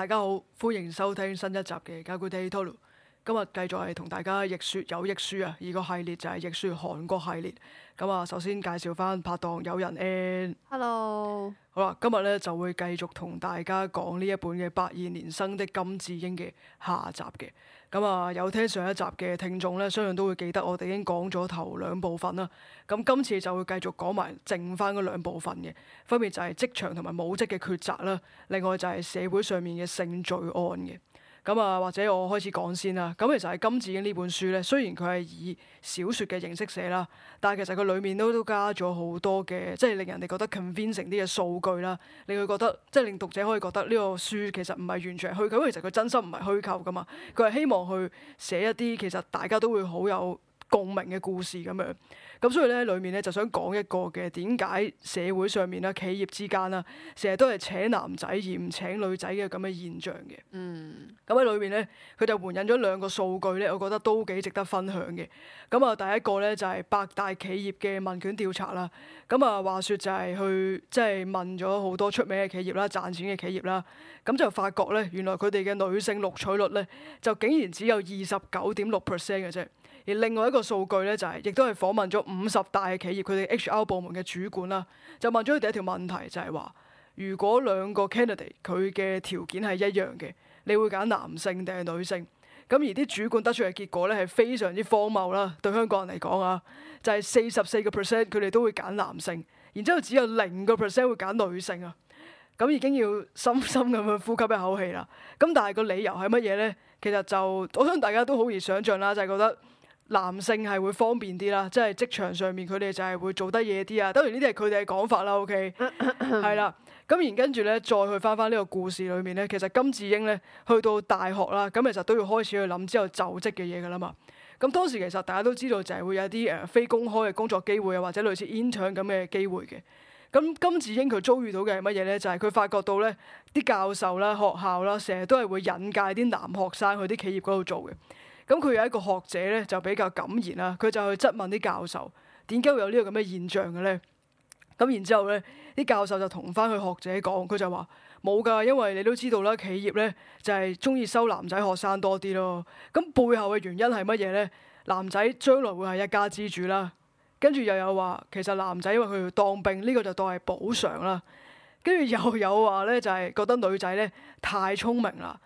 大家好，歡迎收聽新一集嘅《考古地透露》。今日繼續係同大家逆說有益書啊，而個系列就係逆說韓國系列。咁啊，首先介紹翻拍檔友人 N，Hello，好啦，Hello. 今日咧就會繼續同大家講呢一本嘅《八二年生的金智英》嘅下集嘅。咁啊，有聽上一集嘅聽眾咧，相信都會記得我哋已經講咗頭兩部分啦。咁今次就會繼續講埋剩返嗰兩部分嘅，分別就係職場同埋母職嘅抉擇啦。另外就係社會上面嘅性罪案嘅。咁啊，或者我開始講先啦。咁其實係金智英呢本書咧，雖然佢係以小説嘅形式寫啦，但係其實佢裡面都都加咗好多嘅，即係令人哋覺得 convincing 啲嘅數據啦。令佢覺得，即係令讀者可以覺得呢個書其實唔係完全虛構，因為其實佢真心唔係虛構噶嘛。佢係希望去寫一啲其實大家都會好有共鳴嘅故事咁樣。咁所以咧，裏面咧就想講一個嘅點解社會上面啦、企業之間啦，成日都係請男仔而唔請女仔嘅咁嘅現象嘅。嗯。咁喺裏面咧，佢就援引咗兩個數據咧，我覺得都幾值得分享嘅。咁啊，第一個咧就係百大企業嘅問卷調查啦。咁啊，話說就係去即係問咗好多出名嘅企業啦、賺錢嘅企業啦，咁就發覺咧，原來佢哋嘅女性錄取率咧，就竟然只有二十九點六 percent 嘅啫。而另外一個數據咧，就係亦都係訪問咗五十大企業，佢哋 HR 部門嘅主管啦，就問咗佢第一條問題，就係話：如果兩個 candidate 佢嘅條件係一樣嘅，你會揀男性定係女性？咁而啲主管得出嘅結果咧，係非常之荒謬啦。對香港人嚟講啊，就係四十四個 percent 佢哋都會揀男性，然之後只有零個 percent 會揀女性啊。咁已經要深深咁樣呼吸一口氣啦。咁但係個理由係乜嘢咧？其實就我想大家都好易想像啦，就係覺得，男性係會方便啲啦，即係職場上面佢哋就係會做得嘢啲啊。當然呢啲係佢哋嘅講法啦，OK，係啦。咁咳咳然跟住咧，再去返返呢個故事裏面咧，其實金智英咧去到大學啦，咁其實都要開始去諗之後就職嘅嘢噶啦嘛。咁當時其實大家都知道就係會有啲誒非公開嘅工作機會啊，或者類似 intern 咁嘅機會嘅。咁金智英佢遭遇到嘅係乜嘢咧？就係、是、佢發覺到咧啲教授啦、學校啦，成日都係會引介啲男學生去啲企業嗰度做嘅。咁佢有一個學者咧就比較敢言啦，佢就去質問啲教授點解會有呢個咁嘅現象嘅咧？咁然之後咧，啲教授就同翻佢學者講，佢就話冇噶，因為你都知道啦，企業咧就係中意收男仔學生多啲咯。咁背後嘅原因係乜嘢咧？男仔將來會係一家之主啦。跟住又有話，其實男仔因為佢當兵，呢個就當係補償啦。跟住又有話咧，就係覺得女仔咧太聰明啦。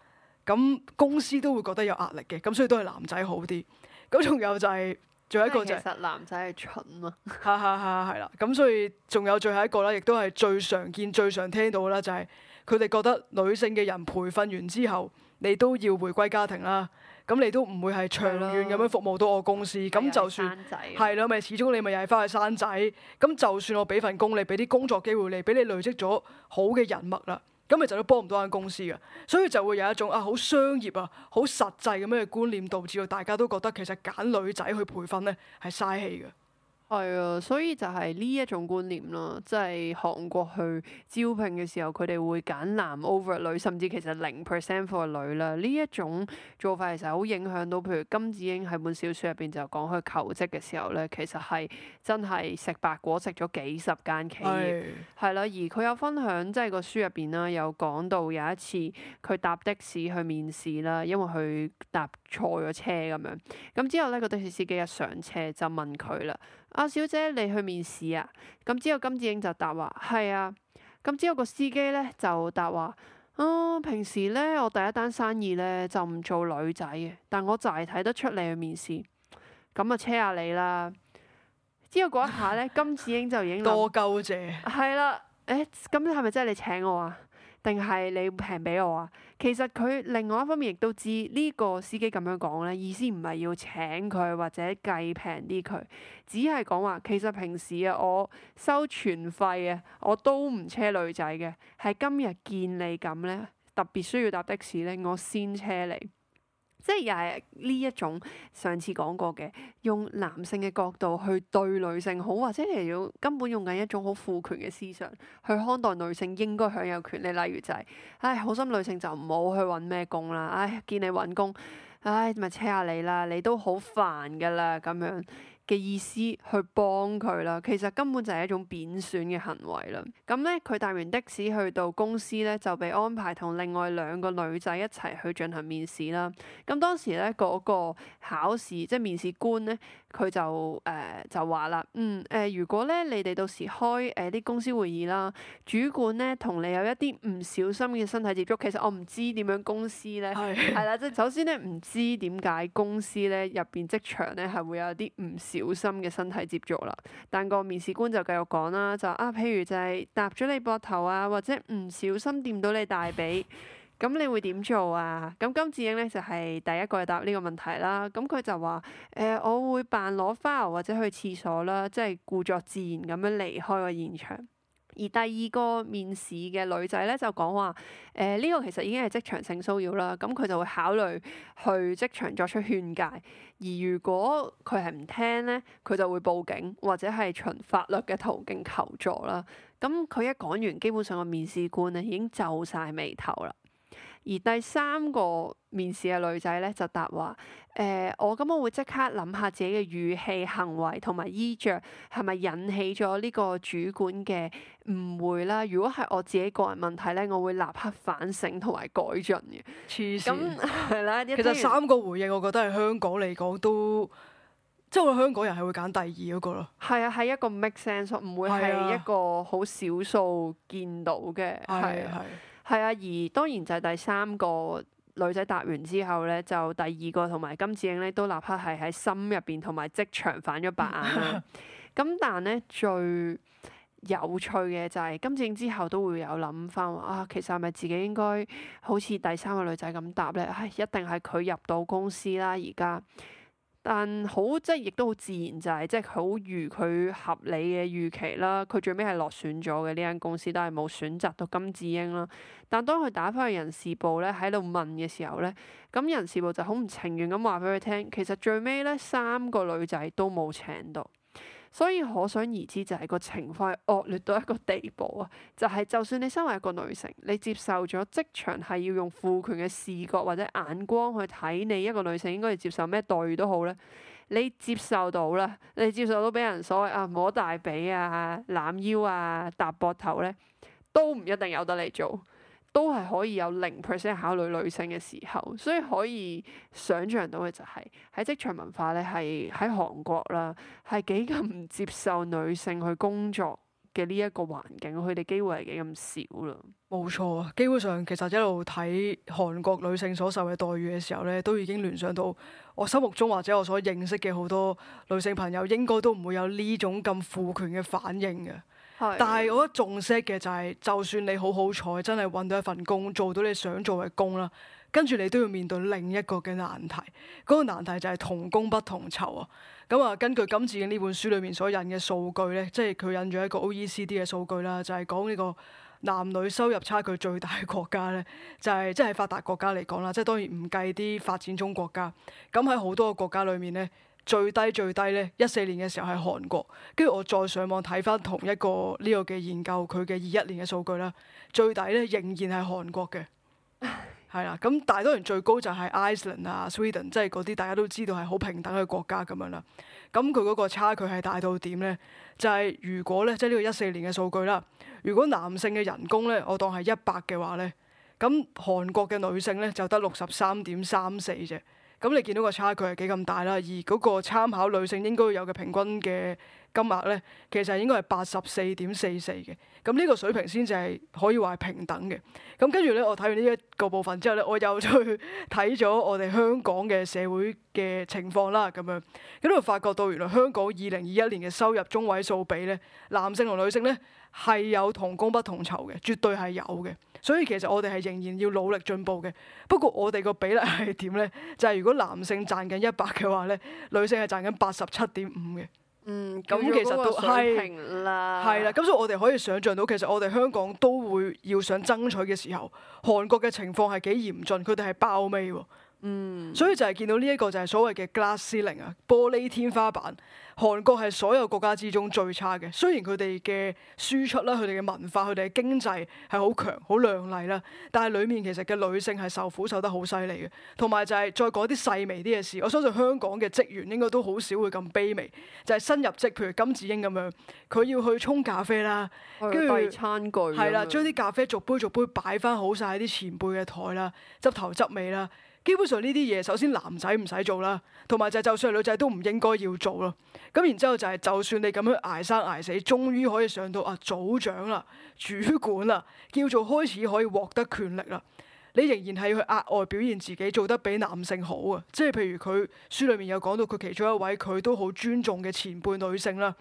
咁公司都會覺得有壓力嘅，咁所以都係男仔好啲。咁仲有就係、是、仲有一個就係、是、其實男仔係蠢咯，係係係啦。咁所以仲有最後一個啦，亦都係最常見、最常聽到啦、就是，就係佢哋覺得女性嘅人培訓完之後，你都要回歸家庭啦。咁你都唔會係長遠咁樣服務到我公司。咁的就算係啦，咪始終你咪又係翻去生仔。咁就算我俾份工你，俾啲工作機會你，俾你累積咗好嘅人脈啦。咁咪就都幫唔到間公司㗎，所以就會有一種啊好商業啊、好實際噉樣嘅觀念，導致到大家都覺得其實揀女仔去培訓咧係嘥氣㗎。係啊，所以就係呢一種觀念啦，即係韓國去招聘嘅時候，佢哋會揀男 over 女，甚至其實零 percent for 女啦。呢一種做法其實好影響到，譬如金智英喺本小書入邊就講佢求職嘅時候咧，其實係真係食白果食咗幾十間企業係啦。而佢有分享即係個書入邊啦，有講到有一次佢搭的士去面試啦，因為佢搭錯咗車咁樣咁之後咧，個的士司機一上車就問佢啦。阿、啊、小姐，你去面試啊？咁之後金智英就答話係啊。咁之後個司機咧就答話，啊、哦、平時咧我第一單生意咧就唔做女仔嘅，但我就係睇得出你去面試。咁啊，車下你啦。之後嗰一下咧， 金智英就已經多鳩謝。係啦、啊，誒、欸，咁係咪真係你請我啊？定係你平俾我啊？其實佢另外一方面亦都知呢個司機咁樣講咧，意思唔係要請佢或者計平啲佢，只係講話其實平時啊，我收全費啊，我都唔車女仔嘅，係今日見你咁咧，特別需要搭的士咧，我先車你。即係又係呢一種上次講過嘅，用男性嘅角度去對女性好，或者係要根本用緊一種好父權嘅思想去看待女性應該享有權利。例如就係、是，唉，好心女性就唔好去揾咩工啦，唉，見你揾工，唉，咪車下你啦，你都好煩噶啦，咁樣，嘅意思去幫佢啦，其實根本就係一種貶損嘅行為啦。咁咧，佢搭完的士去到公司咧，就被安排同另外兩個女仔一齊去進行面試啦。咁當時咧，嗰個考試即係面試官咧，佢就誒、呃、就話啦，嗯誒、呃、如果咧你哋到時開誒啲、呃、公司會議啦，主管咧同你有一啲唔小心嘅身體接觸，其實我唔知點樣公司咧係 啦，即係首先咧唔知點解公司咧入邊職場咧係會有啲唔。小心嘅身體接觸啦，但個面試官就繼續講啦，就啊，譬如就係搭咗你膊頭啊，或者唔小心掂到你大髀，咁你會點做啊？咁金智英咧就係、是、第一個答呢個問題啦，咁佢就話誒、呃，我會扮攞花油或者去廁所啦，即係故作自然咁樣離開個現場。而第二個面試嘅女仔咧就講話，誒、呃、呢、這個其實已經係職場性騷擾啦，咁佢就會考慮去職場作出勸戒，而如果佢係唔聽咧，佢就會報警或者係循法律嘅途徑求助啦。咁佢一講完，基本上個面試官咧已經皺晒眉頭啦。而第三個面試嘅女仔咧就答話：誒、呃，我咁我會即刻諗下自己嘅語氣、行為同埋衣着，係咪引起咗呢個主管嘅誤會啦？如果係我自己個人問題咧，我會立刻反省同埋改進嘅。咁係啦，其實三個回應我覺得喺香港嚟講都，即係我香港人係會揀第二嗰個咯。係啊，係一個 make sense，唔會係一個好少數見到嘅，係啊，係，係。係啊，而當然就係第三個女仔答完之後咧，就第二個同埋金智英咧都立刻係喺心入邊同埋即場反咗白眼咁 但咧最有趣嘅就係金智英之後都會有諗翻話啊，其實係咪自己應該好似第三個女仔咁答咧？係、哎、一定係佢入到公司啦，而家。但好即亦都好自然就係即佢好如佢合理嘅預期啦。佢最尾係落選咗嘅呢間公司，都係冇選擇到金智英啦。但當佢打翻去人事部咧，喺度問嘅時候咧，咁人事部就好唔情願咁話俾佢聽，其實最尾咧三個女仔都冇請到。所以可想而知，就係個情況係惡劣到一個地步啊！就係就算你身為一個女性，你接受咗職場係要用父權嘅視覺或者眼光去睇你一個女性應該要接受咩待遇都好啦。你接受到啦，你接受到俾人所謂啊摸大髀啊、攬腰啊、搭膊頭咧，都唔一定有得你做。都係可以有零 percent 考慮女性嘅時候，所以可以想像到嘅就係喺職場文化咧，係喺韓國啦，係幾咁唔接受女性去工作嘅呢一個環境，佢哋機會係幾咁少啦。冇錯啊，基本上其實一路睇韓國女性所受嘅待遇嘅時候咧，都已經聯想到我心目中或者我所認識嘅好多女性朋友應該都唔會有呢種咁負權嘅反應嘅。但係我覺得重視嘅就係、是，就算你好好彩，真係揾到一份工，做到你想做嘅工啦，跟住你都要面對另一個嘅難題。嗰、那個難題就係同工不同酬啊！咁、嗯、啊，根據金智英呢本書裏面所引嘅數據咧，即係佢引咗一個 O E C D 嘅數據啦，就係講呢個男女收入差距最大嘅國家咧，就係即係發達國家嚟講啦，即係當然唔計啲發展中國家。咁喺好多個國家裏面咧。最低最低呢，一四年嘅時候係韓國，跟住我再上網睇翻同一個呢個嘅研究，佢嘅二一年嘅數據啦，最低呢仍然係韓國嘅，係啦。咁但係當然最高就係 Iceland 啊、Sweden，即係嗰啲大家都知道係好平等嘅國家咁樣啦。咁佢嗰個差距係大到點呢？就係如果呢，即係呢個一四年嘅數據啦，如果男性嘅人工呢，我當係一百嘅話呢，咁韓國嘅女性呢，就得六十三點三四啫。咁你見到個差距係幾咁大啦？而嗰個參考女性應該有嘅平均嘅金額咧，其實係應該係八十四點四四嘅。咁呢個水平先至係可以話係平等嘅。咁跟住咧，我睇完呢一個部分之後咧，我又再去睇咗我哋香港嘅社會嘅情況啦。咁樣咁就發覺到原來香港二零二一年嘅收入中位數比咧，男性同女性咧係有同工不同酬嘅，絕對係有嘅。所以其實我哋係仍然要努力進步嘅。不過我哋個比例係點呢？就係、是、如果男性賺緊一百嘅話呢，女性係賺緊八十七點五嘅。嗯，咁、嗯、如果其實都係啦。係啦，咁所以我哋可以想像到，其實我哋香港都會要想爭取嘅時候，韓國嘅情況係幾嚴峻，佢哋係包尾喎。嗯，所以就係見到呢一個就係所謂嘅 glass ceiling 啊，玻璃天花板。韓國係所有國家之中最差嘅。雖然佢哋嘅輸出啦、佢哋嘅文化、佢哋嘅經濟係好強、好亮麗啦，但係裡面其實嘅女性係受苦受得好犀利嘅。同埋就係、是、再講啲細微啲嘅事，我相信香港嘅職員應該都好少會咁卑微。就係、是、新入職，譬如金智英咁樣，佢要去沖咖啡啦，跟住、嗯、著餐具，係啦，將啲咖啡逐杯逐杯擺翻好晒啲前輩嘅台啦，執頭執尾啦。基本上呢啲嘢，首先男仔唔使做啦，同埋就就算女仔都唔應該要做咯。咁然之後就係就算你咁樣挨生挨死，終於可以上到啊組長啦、主管啦，叫做開始可以獲得權力啦。你仍然係要去額外表現自己，做得比男性好啊。即係譬如佢書裡面有講到佢其中一位，佢都好尊重嘅前輩女性啦。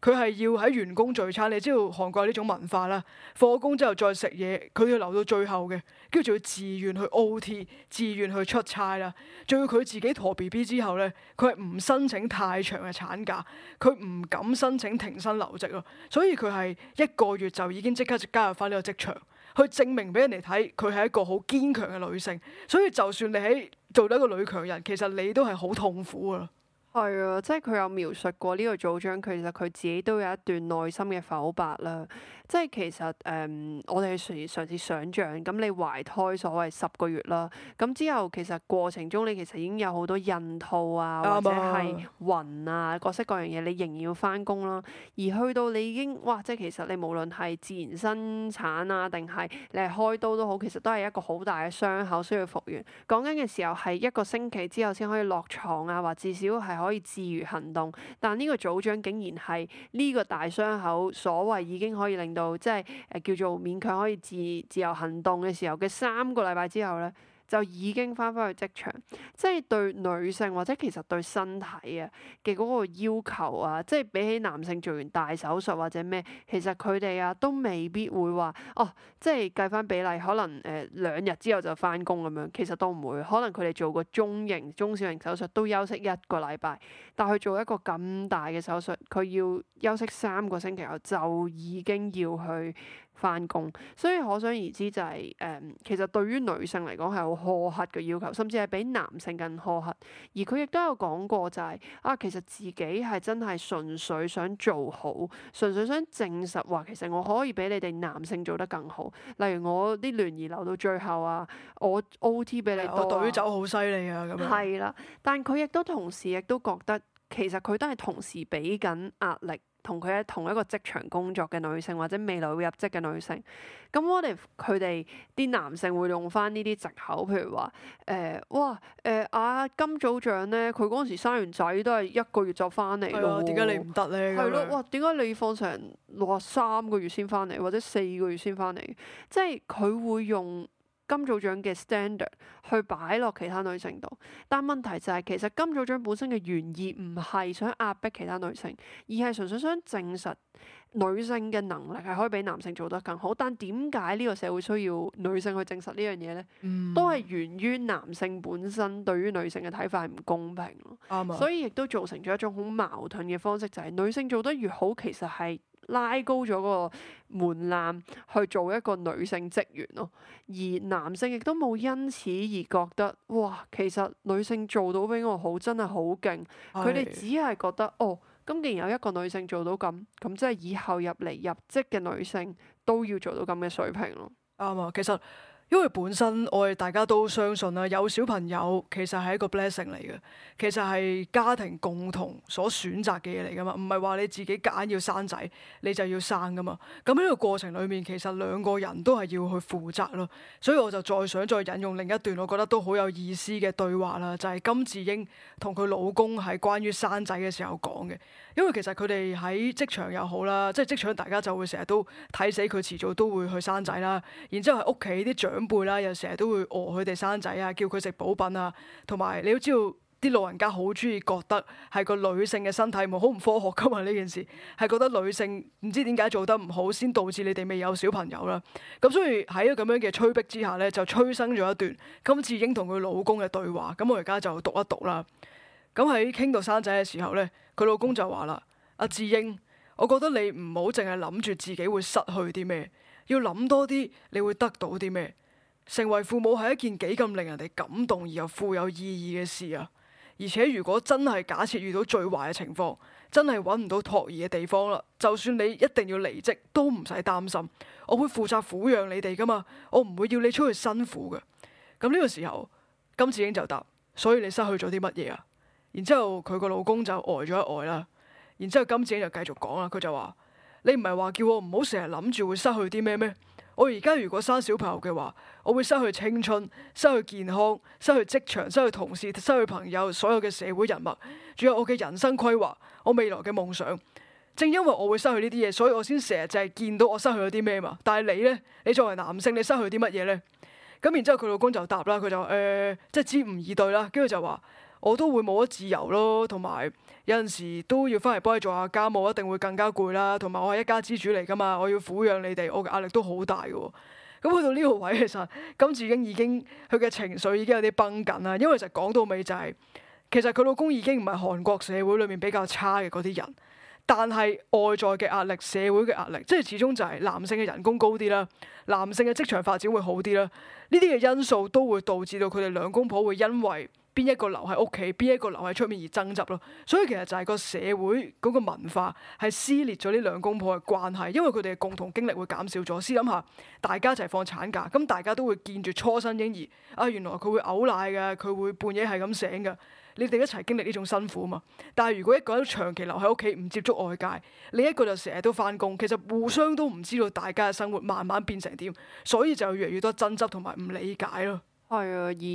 佢係要喺員工聚餐，你知道韓國呢種文化啦。放工之後再食嘢，佢要留到最後嘅，跟住要自願去 O T、自願去出差啦。仲要佢自己陀 B B 之後咧，佢係唔申請太長嘅產假，佢唔敢申請停薪留職咯。所以佢係一個月就已經即刻就加入返呢個職場，去證明俾人哋睇佢係一個好堅強嘅女性。所以就算你喺做到一個女強人，其實你都係好痛苦噶。係啊，即係佢有描述過呢個組長，其實佢自己都有一段內心嘅剖白啦。即係其實誒、嗯，我哋嘅嘗試嘗試想象，咁你懷胎所謂十個月啦，咁之後其實過程中你其實已經有好多孕吐啊，或者係暈啊，各式各樣嘢，你仍然要翻工啦。而去到你已經，哇！即係其實你無論係自然生產啊，定係你係開刀都好，其實都係一個好大嘅傷口需要復原。講緊嘅時候係一個星期之後先可以落牀啊，或至少係可以自如行動。但呢個組長竟然係呢個大傷口，所謂已經可以令到即係誒叫做勉強可以自自由行動嘅時候嘅三個禮拜之後咧，就已經翻返去職場，即係對女性或者其實對身體啊嘅嗰個要求啊，即係比起男性做完大手術或者咩，其實佢哋啊都未必會話，哦，即係計翻比例，可能誒、呃、兩日之後就翻工咁樣，其實都唔會。可能佢哋做個中型、中小型手術都休息一個禮拜，但佢做一個咁大嘅手術，佢要休息三個星期後就已經要去翻工，所以可想而知就係、是、誒、嗯、其實對於女性嚟講係好苛刻嘅要求，甚至係比男性更苛刻。而佢亦都有講過就係、是、啊，其實自己係真係純粹想做好，純粹想證實話其實我可以比你哋男性做得更好。例如我啲聯誼留到最後啊，我 OT 俾你隊走好犀利啊咁樣，係啦、啊，但佢亦都同時亦都覺得，其實佢都係同時俾緊壓力。同佢喺同一個職場工作嘅女性，或者未來會入職嘅女性，咁我哋佢哋啲男性會用翻呢啲藉口，譬如話誒、呃，哇誒、呃、啊金組長咧，佢嗰陣時生完仔都係一個月就翻嚟咯，點解、啊、你唔得咧？係咯，哇，點解你放成六啊三個月先翻嚟，或者四個月先翻嚟？即係佢會用，金組長嘅 standard 去擺落其他女性度，但問題就係其實金組長本身嘅原意唔係想壓迫其他女性，而係純粹想證實女性嘅能力係可以比男性做得更好。但點解呢個社會需要女性去證實呢樣嘢咧？嗯、都係源於男性本身對於女性嘅睇法係唔公平咯。嗯、所以亦都造成咗一種好矛盾嘅方式，就係、係、女性做得越好，其實係。拉高咗個門檻去做一個女性職員咯，而男性亦都冇因此而覺得，哇，其實女性做到比我好，真係好勁。佢哋的只係覺得哦，咁既然有一個女性做到咁，咁即係以後入嚟入職嘅女性都要做到咁嘅水平咯。啱啊，其實。因為本身我哋大家都相信啦，有小朋友其實係一個 blessing 嚟嘅，其實係家庭共同所選擇嘅嘢嚟噶嘛，唔係話你自己揀要生仔，你就要生噶嘛。咁喺呢個過程裏面，其實兩個人都係要去負責咯。所以我就再想再引用另一段，我覺得都好有意思嘅對話啦，就係金智英同佢老公係關於生仔嘅時候講嘅。因為其實佢哋喺職場又好啦，即係職場大家就會成日都睇死佢，遲早都會去生仔啦。然之後喺屋企啲長輩啦，又成日都會餓佢哋生仔啊，叫佢食補品啊。同埋你都知道啲老人家好中意覺得係個女性嘅身體冇好唔科學噶嘛呢件事，係覺得女性唔知點解做得唔好，先導致你哋未有小朋友啦。咁所以喺咁樣嘅催逼之下呢，就催生咗一段金智英同佢老公嘅對話。咁我而家就讀一讀啦。咁喺傾到生仔嘅時候呢，佢老公就話啦：阿智英，我覺得你唔好淨係諗住自己會失去啲咩，要諗多啲你會得到啲咩。成為父母係一件幾咁令人哋感動而又富有意義嘅事啊！而且如果真係假設遇到最壞嘅情況，真係揾唔到托兒嘅地方啦，就算你一定要離職，都唔使擔心，我會負責撫養你哋㗎嘛，我唔會要你出去辛苦嘅。咁呢個時候，金智英就答：所以你失去咗啲乜嘢啊？然之後佢個老公就呆咗一呆啦，然之後金智英就繼續講啦，佢就話：你唔係話叫我唔好成日諗住會失去啲咩咩？我而家如果生小朋友嘅話，我會失去青春、失去健康、失去職場、失去同事、失去朋友，所有嘅社會人脈，仲有我嘅人生規劃、我未來嘅夢想。正因為我會失去呢啲嘢，所以我先成日淨係見到我失去咗啲咩嘛。但係你呢？你作為男性，你失去啲乜嘢呢？」咁然之後佢老公就答啦，佢就誒、呃，即係知唔以對啦，跟住就話。我都會冇咗自由咯，同埋有陣時都要翻嚟幫你做下家務，我一定會更加攰啦。同埋我係一家之主嚟噶嘛，我要撫養你哋，我嘅壓力都好大嘅、哦。咁去到呢個位其實，今次已經已經佢嘅情緒已經有啲繃緊啦。因為其實講到尾就係、是，其實佢老公已經唔係韓國社會裏面比較差嘅嗰啲人，但係外在嘅壓力，社會嘅壓力，即係始終就係男性嘅人工高啲啦，男性嘅職場發展會好啲啦，呢啲嘅因素都會導致到佢哋兩公婆會因為邊一個留喺屋企，邊一個留喺出面而爭執咯。所以其實就係個社會嗰個文化係撕裂咗呢兩公婆嘅關係，因為佢哋嘅共同經歷會減少咗。試諗下，大家就係放產假，咁大家都會見住初生嬰兒，啊，原來佢會嘔奶嘅，佢會半夜係咁醒嘅。你哋一齊經歷呢種辛苦嘛？但係如果一個人長期留喺屋企唔接觸外界，另一個就成日都翻工，其實互相都唔知道大家嘅生活慢慢變成點，所以就越嚟越多爭執同埋唔理解咯。係啊，而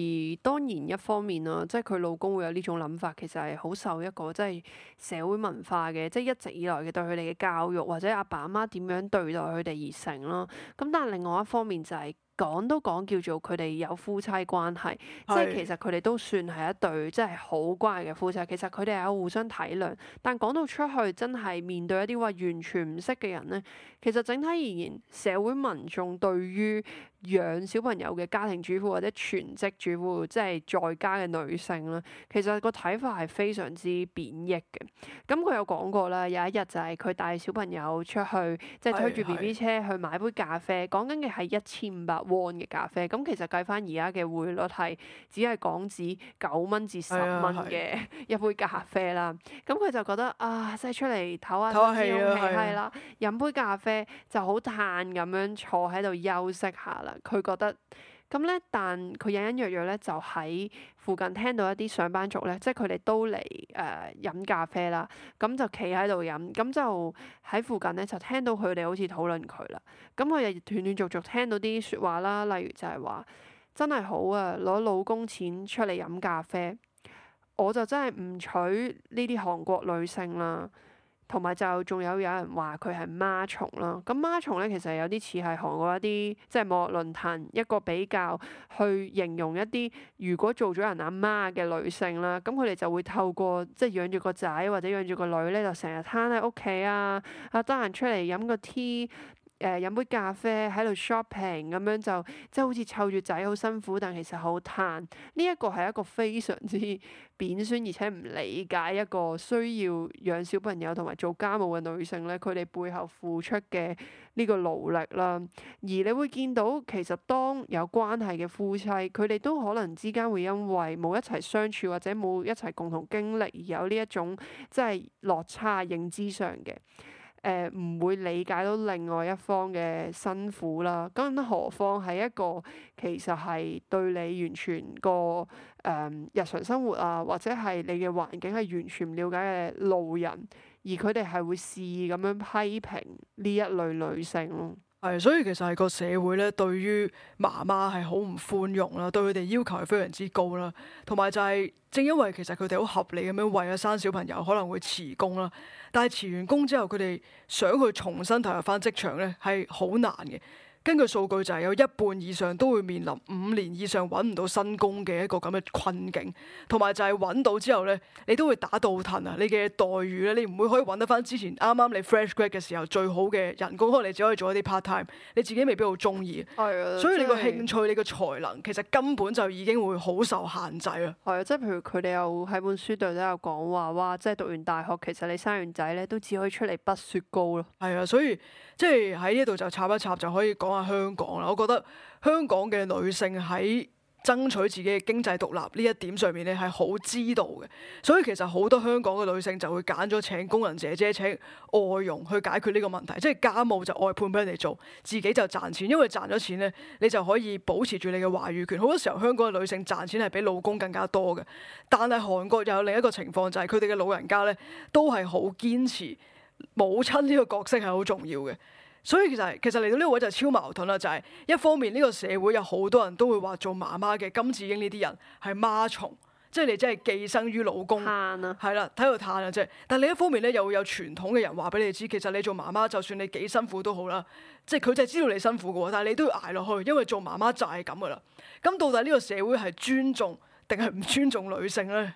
當然一方面啦，即係佢老公會有呢種諗法，其實係好受一個即係、就是、社會文化嘅，即、就、係、是、一直以來嘅對佢哋嘅教育或者阿爸阿媽點樣對待佢哋而成咯。咁但係另外一方面就係、是。講都講叫做佢哋有夫妻關係，是即係其實佢哋都算係一對，即係好乖嘅夫妻。其實佢哋係有互相體諒，但講到出去，真係面對一啲話完全唔識嘅人咧。其實整體而言，社會民眾對於養小朋友嘅家庭主婦或者全職主婦，即係在家嘅女性咧，其實個睇法係非常之貶抑嘅。咁佢有講過啦，有一日就係佢帶小朋友出去，即係推住 BB 車去買杯咖啡，講緊嘅係一千五百 won 嘅咖啡，咁其實計翻而家嘅匯率係只係港紙九蚊至十蚊嘅一杯咖啡啦，咁佢就覺得啊，曬出嚟唞下氣氣啦，飲 杯咖啡就好嘆，咁樣坐喺度休息下啦，佢的覺得。咁咧，但佢隱隱約約咧就喺附近聽到一啲上班族咧，即係佢哋都嚟誒、呃、飲咖啡啦。咁就企喺度飲，咁就喺附近咧就聽到佢哋好似討論佢啦。咁佢哋斷斷續續聽到啲説話啦，例如就係話真係好啊，攞老公錢出嚟飲咖啡，我就真係唔娶呢啲韓國女性啦。同埋就仲有有人話佢係媽蟲啦，咁媽蟲咧其實有啲似係韓國一啲即係網絡論壇一個比較去形容一啲如果做咗人阿媽嘅女性啦，咁佢哋就會透過即係、就是、養住個仔或者養住個女咧，就成日攤喺屋企啊，啊得閒出嚟飲個 tea。誒、飲、呃、杯咖啡喺度 shopping 咁樣就，即係好似湊住仔好辛苦，但其實好嘆。呢一個係一個非常之貶酸，而且唔理解一個需要養小朋友同埋做家務嘅女性咧，佢哋背後付出嘅呢個努力啦。而你會見到，其實當有關係嘅夫妻，佢哋都可能之間會因為冇一齊相處或者冇一齊共同經歷，而有呢一種即係落差認知上嘅。誒唔，呃、會理解到另外一方嘅辛苦啦，更何況係一個其實係對你完全個誒，呃、日常生活啊，或者係你嘅環境係完全唔了解嘅路人，而佢哋係會肆意咁樣批評呢一類女性咯。係，所以其實係個社會咧，對於媽媽係好唔寬容啦，對佢哋要求係非常之高啦，同埋就係正因為其實佢哋好合理咁樣為咗生小朋友可能會辭工啦，但係辭完工之後佢哋想去重新投入返職場咧係好難嘅。根據數據就係有一半以上都會面臨五年以上揾唔到新工嘅一個咁嘅困境，同埋就係揾到之後呢，你都會打倒騰啊！你嘅待遇咧，你唔會可以揾得翻之前啱啱你 fresh grad 嘅時候最好嘅人工，可能你只可以做一啲 part time，你自己未必好中意。係啊的，所以你個興趣、就是、你個才能，其實根本就已經會好受限制啊！係啊，即係譬如佢哋有喺本書度都有講話，哇！即係讀完大學，其實你生完仔呢都只可以出嚟畢雪糕咯。係啊，所以。即係喺呢度就插一插，就可以講下香港啦。我覺得香港嘅女性喺爭取自己嘅經濟獨立呢一點上面咧係好知道嘅，所以其實好多香港嘅女性就會揀咗請工人姐姐、請外傭去解決呢個問題，即係家務就外判俾人哋做，自己就賺錢，因為賺咗錢咧，你就可以保持住你嘅話語權。好多時候香港嘅女性賺錢係比老公更加多嘅，但係韓國又有另一個情況，就係佢哋嘅老人家咧都係好堅持。母親呢個角色係好重要嘅，所以其實其實嚟到呢個位就超矛盾啦，就係、是、一方面呢個社會有好多人都會話做媽媽嘅金智英呢啲人係媽蟲，即係你真係寄生於老公，係啦、啊，睇到嘆啦啫。但另一方面咧，又會有傳統嘅人話俾你知，其實你做媽媽就算你幾辛苦都好啦，即係佢就係知道你辛苦嘅，但係你都要捱落去，因為做媽媽就係咁噶啦。咁到底呢個社會係尊重定係唔尊重女性咧？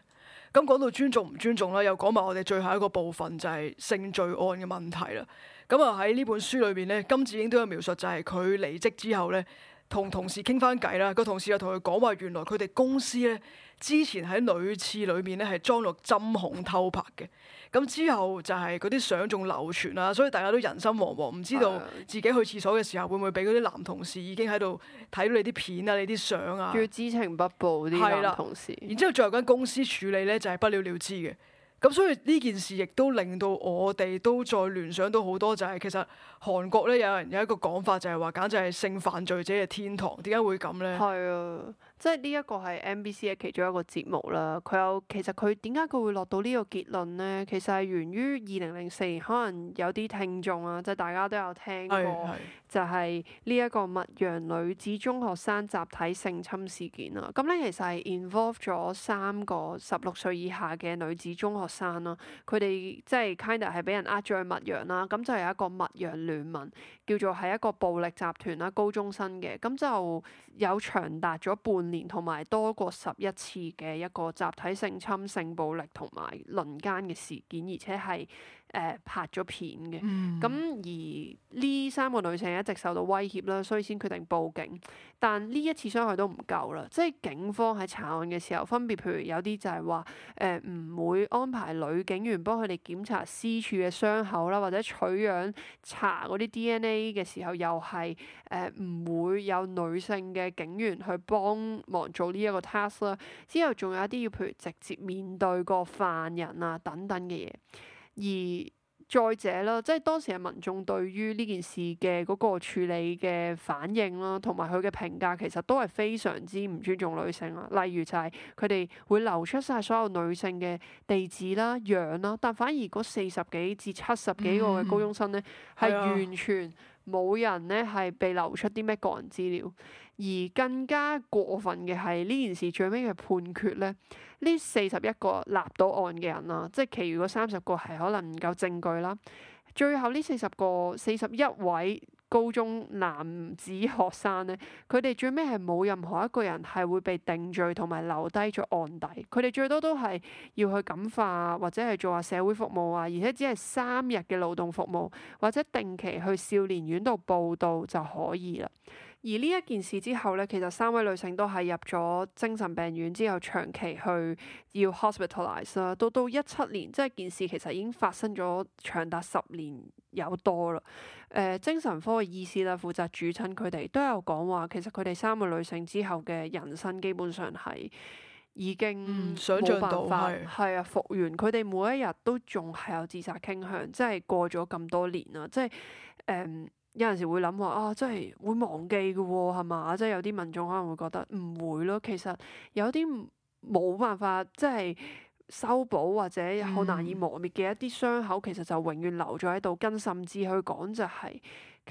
咁講到尊重唔尊重啦，又講埋我哋最後一個部分就係性罪案嘅問題啦。咁啊喺呢本書裏邊呢，金智英都有描述就係佢離職之後呢，同同事傾翻偈啦。個同事又同佢講話，原來佢哋公司呢，之前喺女廁裏面呢，係裝落針孔偷拍嘅。咁之後就係嗰啲相仲流傳啊，所以大家都人心惶惶，唔知道自己去廁所嘅時候會唔會俾嗰啲男同事已經喺度睇到你啲片啊、你啲相啊，叫知情不報啲男同事。然之後最後間公司處理咧就係、係、不了了了之嘅，咁所以呢件事亦都令到我哋都再聯想到好多、就係，就係其實韓國咧有人有一個講法就係話，簡直係性犯罪者嘅天堂，點解會咁咧？係啊。即係呢一個係 MBC 嘅其中一個節目啦。佢有其實佢點解佢會落到呢個結論咧？其實係源於二零零四年，可能有啲聽眾啊，即係大家都有聽過，就係呢一個密陽女子中學生集體性侵事件啊，咁咧其實係 involve 咗三個十六歲以下嘅女子中學生啦。佢哋即係 kind of 係俾人呃咗去密陽啦。咁就有一個密陽聯盟，叫做係一個暴力集團啦，高中生嘅。咁就有長達咗半年同埋多過十一次嘅一個集體性侵、性暴力同埋輪姦嘅事件，而且係，誒、呃、拍咗片嘅咁，嗯、而呢三個女性一直受到威脅啦，所以先決定報警。但呢一次傷害都唔夠啦，即係警方喺查案嘅時候，分別譬如有啲就係話誒唔會安排女警員幫佢哋檢查私處嘅傷口啦，或者取樣查嗰啲 DNA 嘅時候，又係誒唔會有女性嘅警員去幫忙做呢一個 task 啦。之後仲有一啲要譬如直接面對個犯人啊等等嘅嘢。而再者啦，即係當時嘅民眾對於呢件事嘅嗰個處理嘅反應啦，同埋佢嘅評價其實都係非常之唔尊重女性啦。例如就係佢哋會流出晒所有女性嘅地址啦、樣啦，但反而嗰四十幾至七十幾個嘅高中生咧，係、嗯、完全。冇人咧係被流出啲咩個人資料，而更加過分嘅係呢件事最尾嘅判決咧，呢四十一個立到案嘅人啦，即係其餘嗰三十個係可能唔夠證據啦，最後呢四十個四十一位。高中男子學生咧，佢哋最尾係冇任何一個人係會被定罪同埋留低咗案底，佢哋最多都係要去感化或者係做下社會服務啊，而且只係三日嘅勞動服務或者定期去少年院度報到就可以啦。而呢一件事之後咧，其實三位女性都係入咗精神病院之後，長期去要 hospitalize 啦。到到一七年，即係件事其實已經發生咗長達十年有多啦。誒、呃，精神科嘅醫師啦，負責主診佢哋，都有講話，其實佢哋三個女性之後嘅人生基本上係已經冇、嗯、辦法，係是啊復原。佢哋每一日都仲係有自殺傾向，即係過咗咁多年啦，即係誒。嗯有陣時會諗話啊，真係會忘記㗎喎，係嘛？即係有啲民眾可能會覺得唔會咯。其實有啲冇辦法，即係修補或者好難以磨滅嘅一啲傷口，其實就永遠留咗喺度。跟甚至去講就係、是，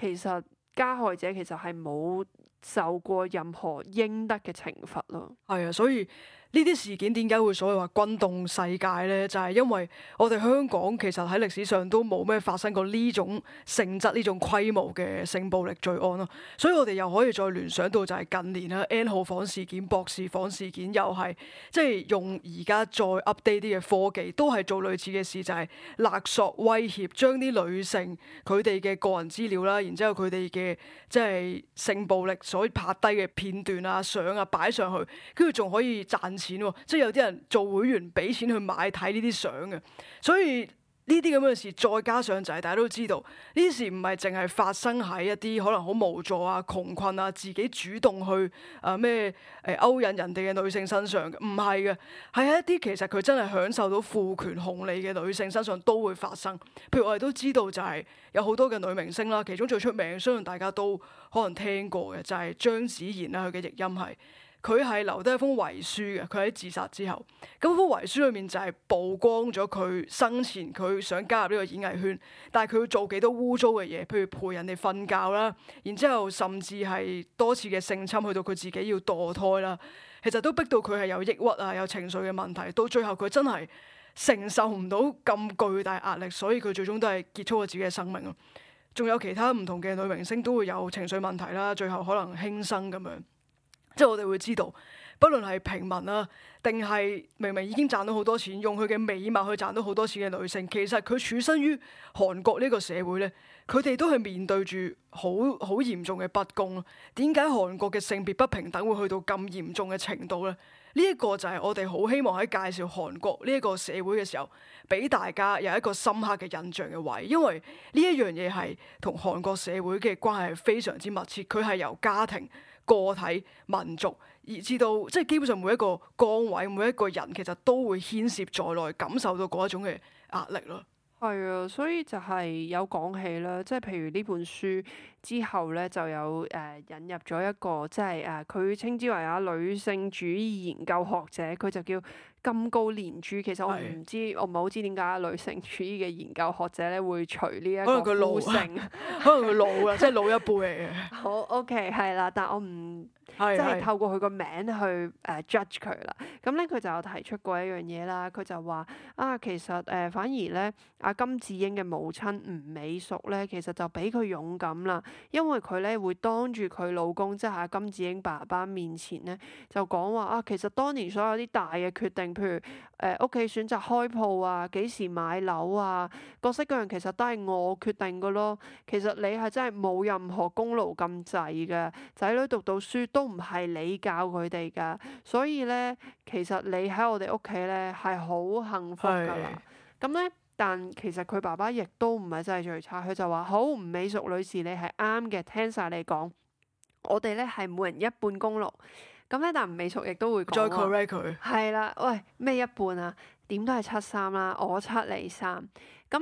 其實加害者其實係冇受過任何應得嘅懲罰咯。係啊，所以。呢啲事件點解會所謂話轟動世界咧？就係因為我哋香港其實喺歷史上都冇咩發生過呢種性質呢種規模嘅性暴力罪案咯。所以我哋又可以再聯想到就係近年啦，N 號房事件、博士房事件又係即係用而家再 update 啲嘅科技，都係做類似嘅事，就係勒索威脅將啲女性佢哋嘅個人資料啦，然之後佢哋嘅即係性暴力所拍低嘅片段啊、相啊擺上去，跟住仲可以賺錢，即係有啲人做會員，俾錢去買睇呢啲相嘅，所以呢啲咁嘅事，再加上就係大家都知道，呢啲事唔係淨係發生喺一啲可能好無助啊、窮困啊、自己主動去啊咩誒、呃、勾引人哋嘅女性身上嘅，唔係嘅，喺一啲其實佢真係享受到父權紅利嘅女性身上都會發生。譬如我哋都知道，就係有好多嘅女明星啦，其中最出名，相信大家都可能聽過嘅，就係、是、張紫妍啦，佢嘅譯音係。佢係留低一封遺書嘅，佢喺自殺之後，咁封遺書裏面就係曝光咗佢生前佢想加入呢個演藝圈，但係佢要做幾多污糟嘅嘢，譬如陪人哋瞓覺啦，然之後甚至係多次嘅性侵，去到佢自己要墮胎啦，其實都逼到佢係有抑鬱啊，有情緒嘅問題，到最後佢真係承受唔到咁巨大壓力，所以佢最終都係結束咗自己嘅生命咯。仲有其他唔同嘅女明星都會有情緒問題啦，最後可能輕生咁樣。即係我哋會知道，不論係平民啦、啊，定係明明已經賺到好多錢，用佢嘅美貌去賺到好多錢嘅女性，其實佢處身於韓國呢個社會呢，佢哋都係面對住好好嚴重嘅不公咯。點解韓國嘅性別不平等會去到咁嚴重嘅程度呢？呢、這、一個就係我哋好希望喺介紹韓國呢一個社會嘅時候，俾大家有一個深刻嘅印象嘅位，因為呢一樣嘢係同韓國社會嘅關係非常之密切，佢係由家庭。個體、民族，以至到即係基本上每一個崗位、每一個人，其實都會牽涉在內，感受到嗰一種嘅壓力咯。係啊，所以就係有講起啦，即係譬如呢本書之後咧，就有誒、呃、引入咗一個即係誒，佢、呃、稱之為啊女性主義研究學者，佢就叫金高連珠。其實我唔知，係我唔係好知點解女性主義嘅研究學者咧會除呢一個女性，可能佢老啊，即係老一輩嚟嘅。好 OK 係啦，但我唔。 即係透過佢個名去誒 judge 佢啦。咁咧佢就有提出過一樣嘢啦。佢就話啊，其實誒、呃、反而咧，阿金智英嘅母親吳美淑咧，其實就俾佢勇敢啦。因為佢咧會當住佢老公即係阿金智英爸爸面前咧，就講話啊，其實當年所有啲大嘅決定，譬如誒屋企選擇開鋪啊，幾時買樓啊，各式各樣其實都係我決定嘅咯。其實你係真係冇任何功勞咁滯嘅。仔女讀到書都，都唔係你教佢哋噶，所以咧，其實你喺我哋屋企咧係好幸福噶啦。咁咧是、嗯，但其實佢爸爸亦都唔係真係最差，佢就話好，吳美淑女士，你係啱嘅，聽晒你講，我哋咧係每人一半功勞。咁咧，但吳美淑亦都會再 correct 佢，係啦，喂咩一半啊？點都係七三啦，啊，我七你三，咁。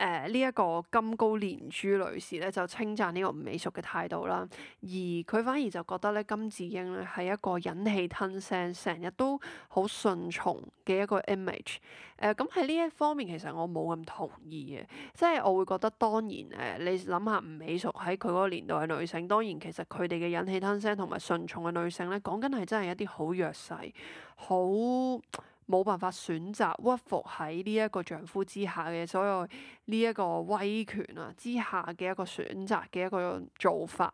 誒呢一個金高連珠女士咧就稱讚呢個吳美淑嘅態度啦，而佢反而就覺得咧，金智英咧係一個忍氣吞聲、成日都好順從嘅一個 image。誒咁喺呢一方面其實我冇咁同意嘅，即係我會覺得當然誒、呃，你諗下吳美淑喺佢嗰個年代嘅女性，當然其實佢哋嘅忍氣吞聲同埋順從嘅女性咧，講緊係真係一啲好弱勢、好，冇辦法選擇屈服喺呢一個丈夫之下嘅所有呢一個威權啊之下嘅一個選擇嘅一個做法，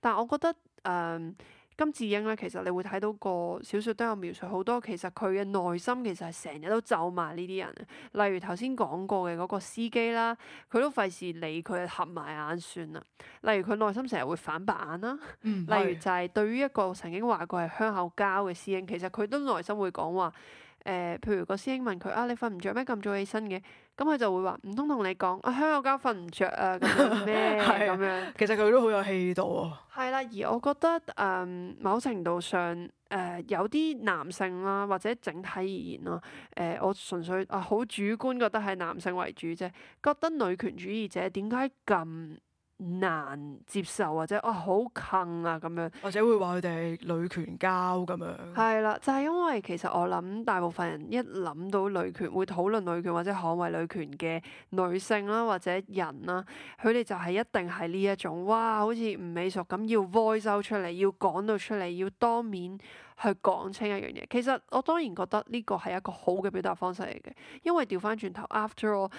但我覺得誒、呃、金智英咧，其實你會睇到個小説都有描述好多，其實佢嘅內心其實係成日都咒罵呢啲人，例如頭先講過嘅嗰個司機啦，佢都費事理佢，合埋眼算啦。例如佢內心成日會反白眼啦、啊，嗯、例如就係對於一個曾經話過係香口膠嘅司機，其實佢都內心會講話。誒、呃，譬如個師兄問佢啊，你瞓唔著咩咁早起身嘅？咁佢就會話唔通同你講啊，香口膠瞓唔著啊，咩咁樣， 咁樣？其實佢都好有氣度啊。係啦、嗯，而我覺得誒、嗯、某程度上誒、呃、有啲男性啦，或者整體而言啦，誒、呃、我純粹啊好主觀覺得係男性為主啫，覺得女權主義者點解咁？難接受或者哇好坑啊咁樣，或者、啊、或者會話佢哋係女權交咁樣，係啦，就係、是、因為其實我諗大部分人一諗到女權會討論女權或者捍衛女權嘅女性啦，或者人啦，佢哋就係一定係呢一種哇好似唔成熟咁要 voice out 出嚟，要講到出嚟，要當面去講清一樣嘢。其實我當然覺得呢個係一個好嘅表達方式嚟嘅，因為調翻轉頭 after all。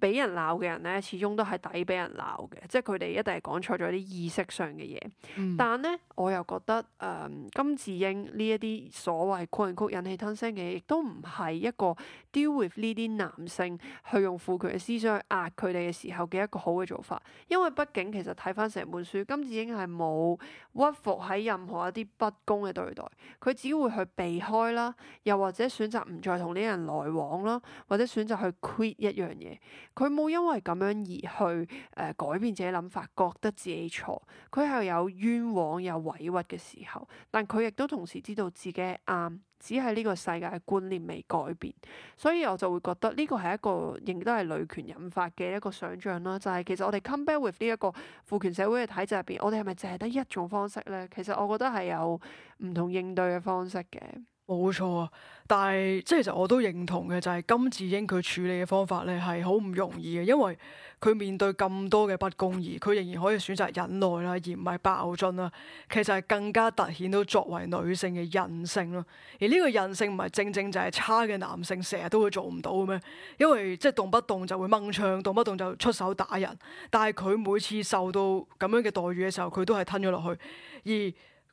俾人鬧嘅人咧，始終都係抵俾人鬧嘅，即係佢哋一定係講錯咗啲意識上嘅嘢。嗯、但咧，我又覺得誒、呃、金智英呢一啲所謂 quote unquote 忍氣吞聲嘅，亦都唔係一個 deal with 呢啲男性去用父權嘅思想去壓佢哋嘅時候嘅一個好嘅做法。因為畢竟其實睇返成本書，金智英係冇屈服喺任何一啲不公嘅對待，佢只會去避開啦，又或者選擇唔再同呢啲人來往啦，或者選擇去 quit 一樣嘢。佢冇因為咁樣而去誒、呃、改變自己諗法，覺得自己錯。佢係有冤枉有委屈嘅時候，但佢亦都同時知道自己啱，只係呢個世界嘅觀念未改變。所以我就會覺得呢個係一個認得係女權引發嘅一個想像囉。就係、是、其實我哋 come back with 呢一個父權社會嘅體制入邊，我哋係咪淨係得一種方式咧？其實我覺得係有唔同應對嘅方式嘅。冇錯啊，但係即係其實我都認同嘅，就係、是、金智英佢處理嘅方法咧係好唔容易嘅，因為佢面對咁多嘅不公義，佢仍然可以選擇忍耐啦，而唔係爆樽啦。其實係更加突顯到作為女性嘅韌性囉。而呢個韌性唔係正正就係差嘅男性成日都會做唔到嘅咩？因為即係動不動就會掹槍，動不動就出手打人。但係佢每次受到咁樣嘅待遇嘅時候，佢都係吞咗落去。而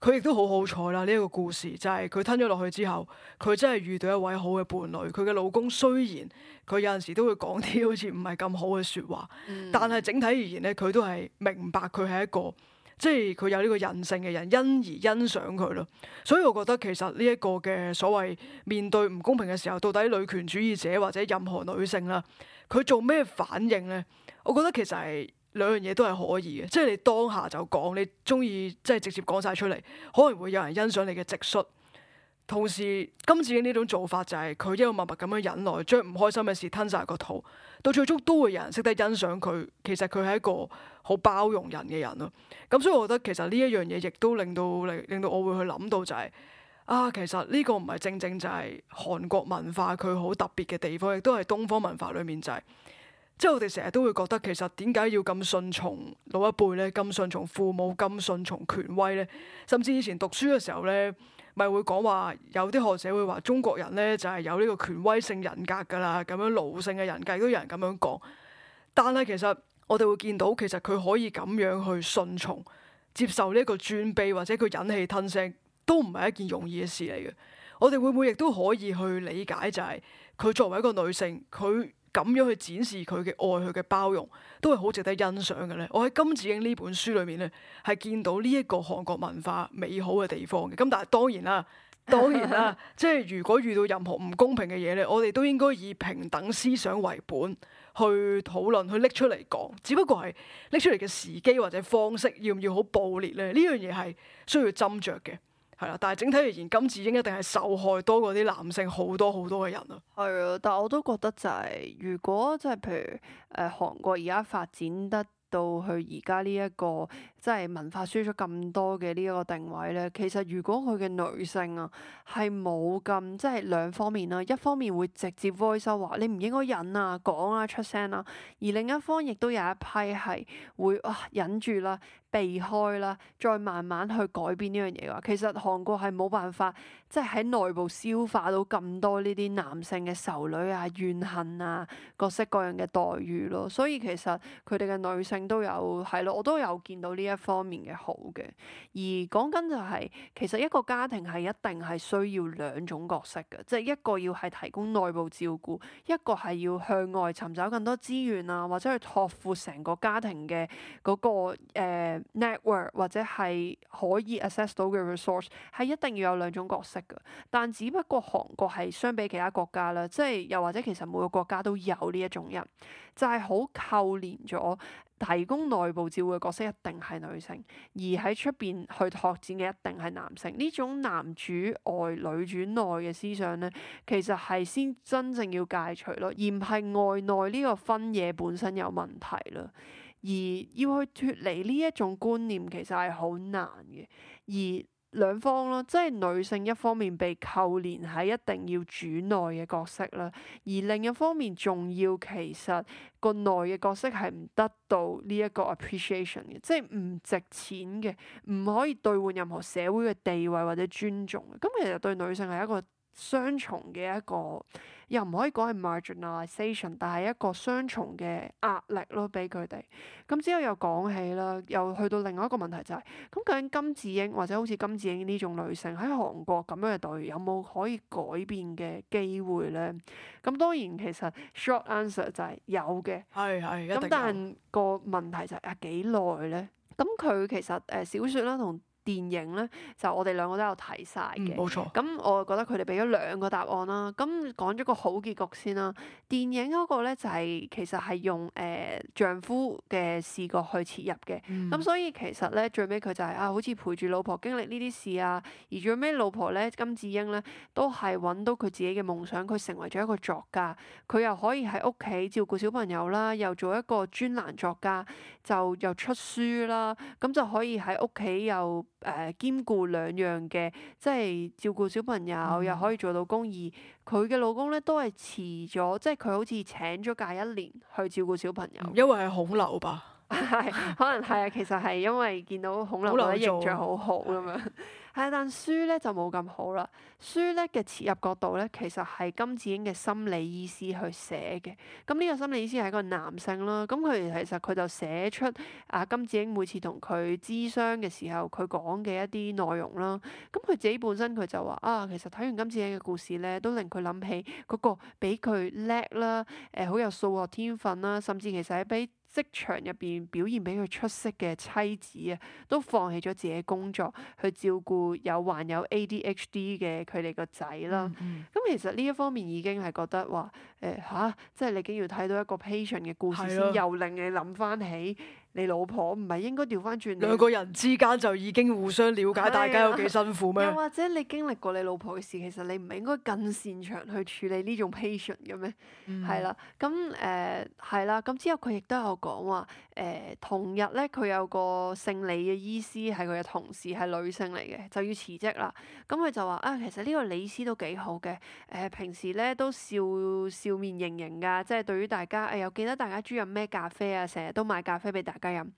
佢亦都好好彩啦！呢、這、一個故事就係、是、佢吞咗落去之後，佢真係遇到一位好嘅伴侶。佢嘅老公雖然佢有陣時都會講啲好似唔係咁好嘅説話，嗯、但係整體而言咧，佢都係明白佢係一個即係佢有呢個人性嘅人，因而欣賞佢咯。所以我覺得其實呢一個嘅所謂面對唔公平嘅時候，到底女權主義者或者任何女性啦，佢做咩反應呢？我覺得其實係。兩樣嘢都係可以嘅，即係你當下就講，你中意即係直接講晒出嚟，可能會有人欣賞你嘅直率。同時，金智英呢種做法就係、是、佢一路默默咁樣忍耐，將唔開心嘅事吞晒個肚，到最終都會有人識得欣賞佢。其實佢係一個好包容人嘅人咯。咁所以我覺得其實呢一樣嘢亦都令到令令到我會去諗到就係、是、啊，其實呢個唔係正正就係韓國文化佢好特別嘅地方，亦都係東方文化裏面就係、是。即係我哋成日都會覺得，其實點解要咁順從老一輩咧？咁順從父母，咁順從權威咧？甚至以前讀書嘅時候咧，咪會講話有啲學者會話中國人咧就係有呢個權威性人格噶啦，咁樣奴性嘅人格，都有人咁樣講。但係其實我哋會見到，其實佢可以咁樣去順從、接受呢個尊卑，或者佢忍氣吞聲，都唔係一件容易嘅事嚟嘅。我哋會唔會亦都可以去理解就係佢作為一個女性，佢？咁樣去展示佢嘅愛，佢嘅包容都係好值得欣賞嘅咧。我喺金智英呢本書裏面咧，係見到呢一個韓國文化美好嘅地方嘅。咁但係當然啦，當然啦，即係如果遇到任何唔公平嘅嘢咧，我哋都應該以平等思想為本去討論，去拎出嚟講。只不過係拎出嚟嘅時機或者方式要要，要唔要好暴烈咧？呢樣嘢係需要斟酌嘅。係啦，但係整體而言，金智英一定係受害多過啲男性好多好多嘅人啊。係啊，但我都覺得就係，如果即係譬如誒，呃，韓國而家發展得到去而家呢一個即係文化輸出咁多嘅呢一個定位咧，其實如果佢嘅女性啊係冇咁即係兩方面啦，一方面會直接 voice 出話，你唔應該忍啊，講啦，啊，出聲啦，啊，而另一方亦都有一批係會啊忍住啦。避開啦，再慢慢去改變呢樣嘢嘅話，其實韓國係冇辦法，即係喺內部消化到咁多呢啲男性嘅仇女啊、怨恨啊各式各樣嘅待遇咯。所以其實佢哋嘅女性都有係咯，我都有見到呢一方面嘅好嘅。而講緊就係、是、其實一個家庭係一定係需要兩種角色嘅，即、就、係、是、一個要係提供內部照顧，一個係要向外尋找更多資源啊，或者去拓闊成個家庭嘅嗰、那個誒。呃 network 或者係可以 access 到嘅 resource 係一定要有兩種角色嘅，但只不過韓國係相比其他國家啦，即係又或者其實每個國家都有呢一種人，就係、是、好扣連咗提供內部照顧嘅角色一定係女性，而喺出邊去拓展嘅一定係男性。呢種男主外女主內嘅思想咧，其實係先真正要戒除咯，而唔係外內呢個分野本身有問題啦。而要去脱離呢一種觀念，其實係好難嘅。而兩方咯，即係女性一方面被扣連喺一定要主內嘅角色啦，而另一方面仲要其實個內嘅角色係唔得到呢一個 appreciation 嘅，即係唔值錢嘅，唔可以兌換任何社會嘅地位或者尊重。咁其實對女性係一個，雙重嘅一個，又唔可以講係 marginalization，但係一個雙重嘅壓力咯，俾佢哋。咁之後又講起啦，又去到另外一個問題就係、是，咁究竟金智英或者好似金智英呢種女性喺韓國咁樣嘅待遇有冇可以改變嘅機會咧？咁當然其實 short answer 就係有嘅，係係一定。咁但係個問題就係啊幾耐咧？咁佢其實誒、呃、小説啦同。電影咧就我哋兩個都有睇晒嘅，冇、嗯、錯。咁我覺得佢哋俾咗兩個答案啦。咁講咗個好結局先啦。電影嗰個咧就係、是、其實係用誒、呃、丈夫嘅視角去切入嘅。咁、嗯、所以其實咧最尾佢就係、是、啊，好似陪住老婆經歷呢啲事啊。而最尾老婆咧金智英咧都係揾到佢自己嘅夢想，佢成為咗一個作家。佢又可以喺屋企照顧小朋友啦，又做一個專欄作家，就又出書啦。咁就可以喺屋企又～誒、呃、兼顧兩樣嘅，即係照顧小朋友、嗯、又可以做到公義。而佢嘅老公咧，都係遲咗，即係佢好似請咗假一年去照顧小朋友。因為係孔劉吧？係， 可能係啊。其實係、啊、因為見到孔劉嘅形象好好咁樣。 係，但書咧就冇咁好啦。書咧嘅切入角度咧，其實係金智英嘅心理醫師去寫嘅。咁呢個心理醫師係一個男性啦。咁佢其實佢就寫出啊金智英每次同佢諮商嘅時候，佢講嘅一啲內容啦。咁佢自己本身佢就話啊，其實睇完金智英嘅故事咧，都令佢諗起嗰個比佢叻啦，誒、呃、好有數學天分啦，甚至其實係比。職場入邊表現比佢出色嘅妻子啊，都放棄咗自己工作去照顧有患有 ADHD 嘅佢哋個仔啦。咁、嗯嗯、其實呢一方面已經係覺得話，誒、呃、嚇，即係你經要睇到一個 patient 嘅故事，又令你諗翻起。你老婆唔係應該調翻轉？兩個人之間就已經互相了解，大家有幾辛苦咩、啊？又或者你經歷過你老婆嘅事，其實你唔係應該更擅長去處理呢種 patient 嘅咩？係、嗯、啦，咁誒係啦，咁之後佢亦都有講話誒同日咧，佢有個姓李嘅醫師係佢嘅同事，係女性嚟嘅，就要辭職啦。咁佢就話啊，其實呢個李師都幾好嘅，誒、呃、平時咧都笑笑面盈盈噶，即、就、係、是、對於大家誒又、哎、記得大家鍾意飲咩咖啡啊，成日都買咖啡俾大家。」嘅人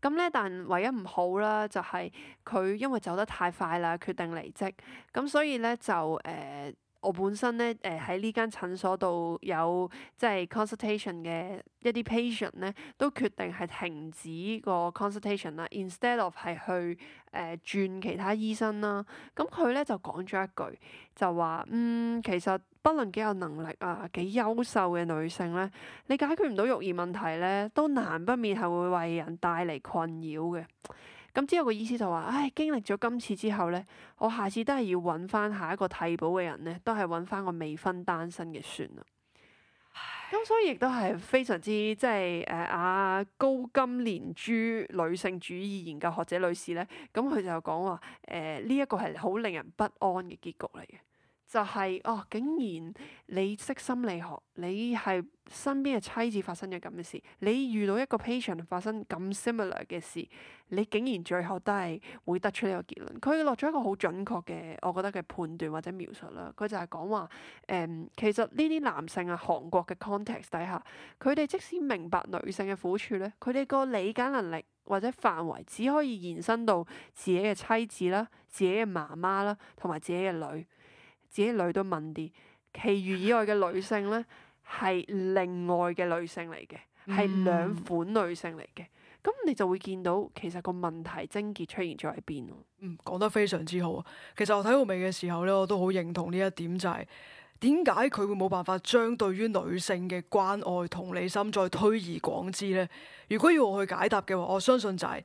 咁咧，但唯一唔好啦，就係佢因為走得太快啦，決定離職咁，所以咧就誒、呃，我本身咧誒喺呢、呃、間診所度有即係、就是、consultation 嘅一啲 patient 咧，都決定係停止個 consultation 啦，instead of 係去誒、呃、轉其他醫生啦。咁佢咧就講咗一句，就話嗯其實。不論幾有能力啊，幾優秀嘅女性咧，你解決唔到育兒問題咧，都難不免係會為人帶嚟困擾嘅。咁之後個意思就話、是，唉，經歷咗今次之後咧，我下次都係要揾翻下一個替補嘅人咧，都係揾翻個未婚單身嘅算啦。咁所以亦都係非常之即係誒，阿、呃、高金連珠女性主義研究學者女士咧，咁佢就講話，誒呢一個係好令人不安嘅結局嚟嘅。就係、是、哦，竟然你識心理學，你係身邊嘅妻子發生咗咁嘅事，你遇到一個 patient 發生咁 similar 嘅事，你竟然最後都係會得出呢個結論。佢落咗一個好準確嘅，我覺得嘅判斷或者描述啦。佢就係講話誒，其實呢啲男性啊，韓國嘅 context 底下，佢哋即使明白女性嘅苦處咧，佢哋個理解能力或者範圍只可以延伸到自己嘅妻子啦、自己嘅媽媽啦，同埋自己嘅女。自己女都問啲，其餘以外嘅女性咧，係另外嘅女性嚟嘅，係兩款女性嚟嘅。咁、嗯、你就會見到其實個問題症結出現咗喺邊咯。嗯，講得非常之好啊！其實我睇到尾嘅時候咧，我都好認同呢一點，就係點解佢會冇辦法將對於女性嘅關愛同理心再推而廣之咧？如果要我去解答嘅話，我相信就係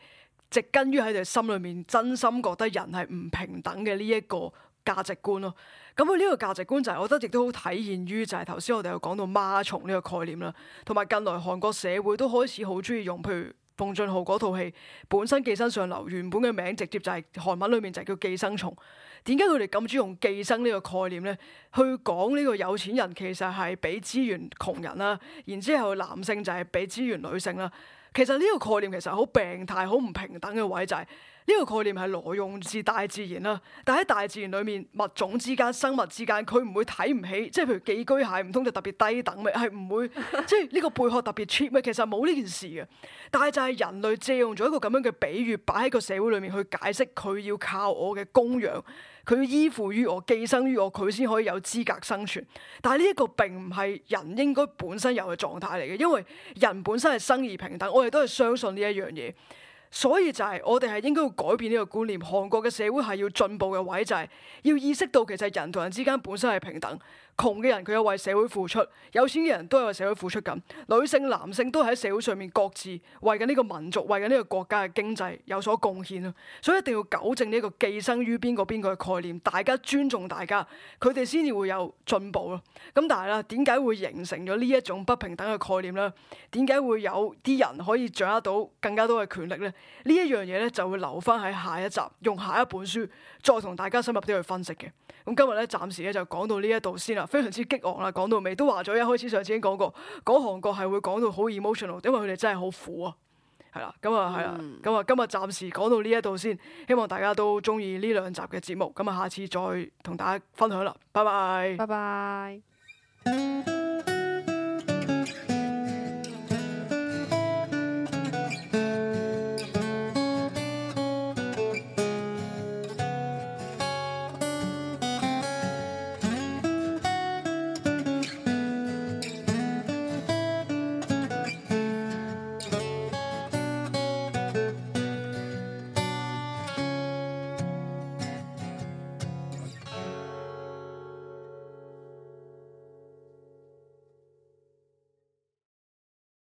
植根於喺你心裏面，真心覺得人係唔平等嘅呢一個。價值觀咯，咁佢呢個價值觀就係我覺得亦都好體現於就係頭先我哋又講到媽蟲呢個概念啦，同埋近來韓國社會都開始好中意用，譬如奉俊昊嗰套戲本身寄生上流原本嘅名直接就係，韓文裏面就係叫寄生蟲，點解佢哋咁中意用寄生呢個概念呢？去講呢個有錢人其實係俾資源窮人啦，然之後男性就係俾資源女性啦，其實呢個概念其實好病態、好唔平等嘅位就係。呢個概念係挪用自大自然啦，但喺大自然裏面，物種之間、生物之間，佢唔會睇唔起，即係譬如寄居蟹唔通就特別低等咩？係唔會，即係呢個貝殼特別 cheap 咩？其實冇呢件事嘅，但係就係人類借用咗一個咁樣嘅比喻，擺喺個社會裏面去解釋，佢要靠我嘅供養，佢要依附於我，寄生於我，佢先可以有資格生存。但係呢一個並唔係人應該本身有嘅狀態嚟嘅，因為人本身係生而平等，我哋都係相信呢一樣嘢。所以就係我哋係應該要改變呢個觀念，韓國嘅社會係要進步嘅位，就係要意識到其實人同人之間本身係平等。窮嘅人佢有為社會付出，有錢嘅人都有為社會付出緊。女性、男性都喺社會上面各自為緊呢個民族、為緊呢個國家嘅經濟有所貢獻咯。所以一定要糾正呢個寄生於邊個邊個嘅概念，大家尊重大家，佢哋先至會有進步咯。咁但係咧，點解會形成咗呢一種不平等嘅概念咧？點解會有啲人可以掌握到更加多嘅權力咧？呢一樣嘢咧就會留翻喺下一集，用下一本書再同大家深入啲去分析嘅，咁今日咧暫時咧就講到呢一度先啦，非常之激昂啦，講到尾都話咗，一開始上次已經講過，講韓國係會講到好 emotional，因為佢哋真係好苦啊，係啦，咁啊係啦，咁啊、嗯嗯、今日暫時講到呢一度先，希望大家都鍾意呢兩集嘅節目，咁啊下次再同大家分享啦，拜拜，拜拜。